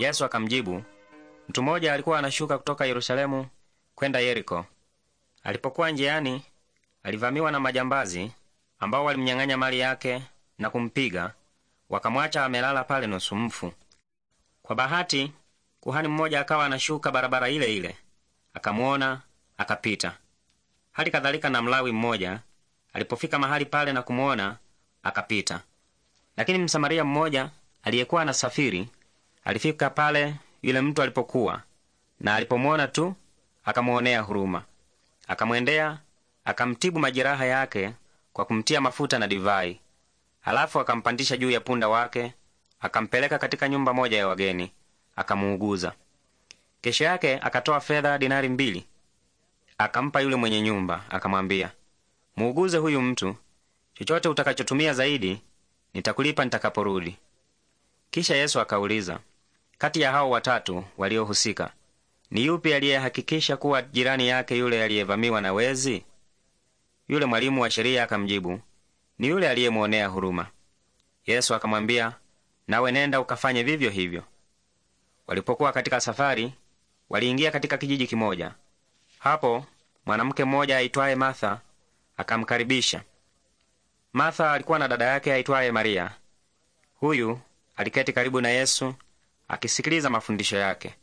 Yesu akamjibu, mtu mmoja alikuwa anashuka kutoka Yerusalemu kwenda Yeriko. Alipokuwa njiani, alivamiwa na majambazi ambao walimnyang'anya mali yake na kumpiga, wakamwacha amelala pale nusu mfu. Kwa bahati, kuhani mmoja akawa anashuka barabara ile ile, akamuona, akapita. Hali kadhalika na Mlawi mmoja alipofika mahali pale na kumuona, akapita. Lakini Msamaria mmoja aliyekuwa anasafiri Alifika pale yule mtu alipokuwa, na alipomwona tu akamwonea huruma, akamwendea akamtibu majeraha yake kwa kumtia mafuta na divai, alafu akampandisha juu ya punda wake akampeleka katika nyumba moja ya wageni akamuuguza. Kesho yake akatoa fedha dinari mbili akampa yule mwenye nyumba, akamwambia, muuguze huyu mtu, chochote utakachotumia zaidi nitakulipa nitakaporudi. Kisha Yesu akauliza, kati ya hao watatu waliohusika, ni yupi aliyehakikisha kuwa jirani yake yule aliyevamiwa na wezi? Yule mwalimu wa sheria akamjibu, ni yule aliyemwonea huruma. Yesu akamwambia, nawe nenda ukafanye vivyo hivyo. Walipokuwa katika safari, waliingia katika kijiji kimoja. Hapo mwanamke mmoja aitwaye Martha akamkaribisha. Martha alikuwa na dada yake aitwaye Maria. Huyu aliketi karibu na Yesu akisikiliza mafundisho yake.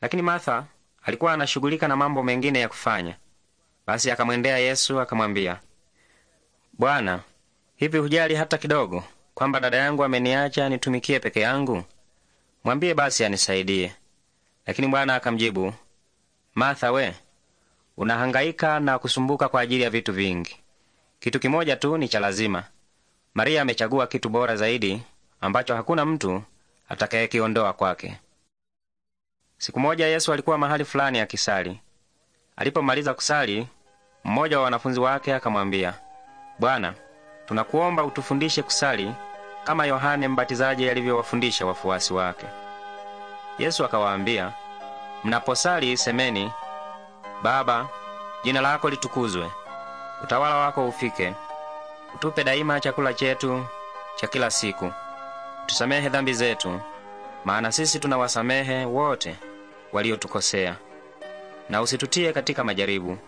Lakini Martha alikuwa anashughulika na mambo mengine ya kufanya. Basi akamwendea Yesu akamwambia, Bwana, hivi hujali hata kidogo kwamba dada yangu ameniacha nitumikie peke yangu? Mwambie basi anisaidie. Lakini Bwana akamjibu, Martha, we unahangaika na kusumbuka kwa ajili ya vitu vingi. Kitu kimoja tu ni cha lazima. Maria amechagua kitu bora zaidi, ambacho hakuna mtu atakayekiondoa kwake. Siku moja Yesu alikuwa mahali fulani akisali. Alipomaliza kusali, mmoja wa wanafunzi wake akamwambia, Bwana, tunakuomba utufundishe kusali kama Yohane Mbatizaji alivyowafundisha wafuasi wake. Yesu akawaambia, mnaposali semeni, Baba, jina lako litukuzwe, utawala wako ufike, utupe daima chakula chetu cha kila siku. Tusamehe dhambi zetu, maana sisi tunawasamehe wote waliotukosea, na usitutie katika majaribu,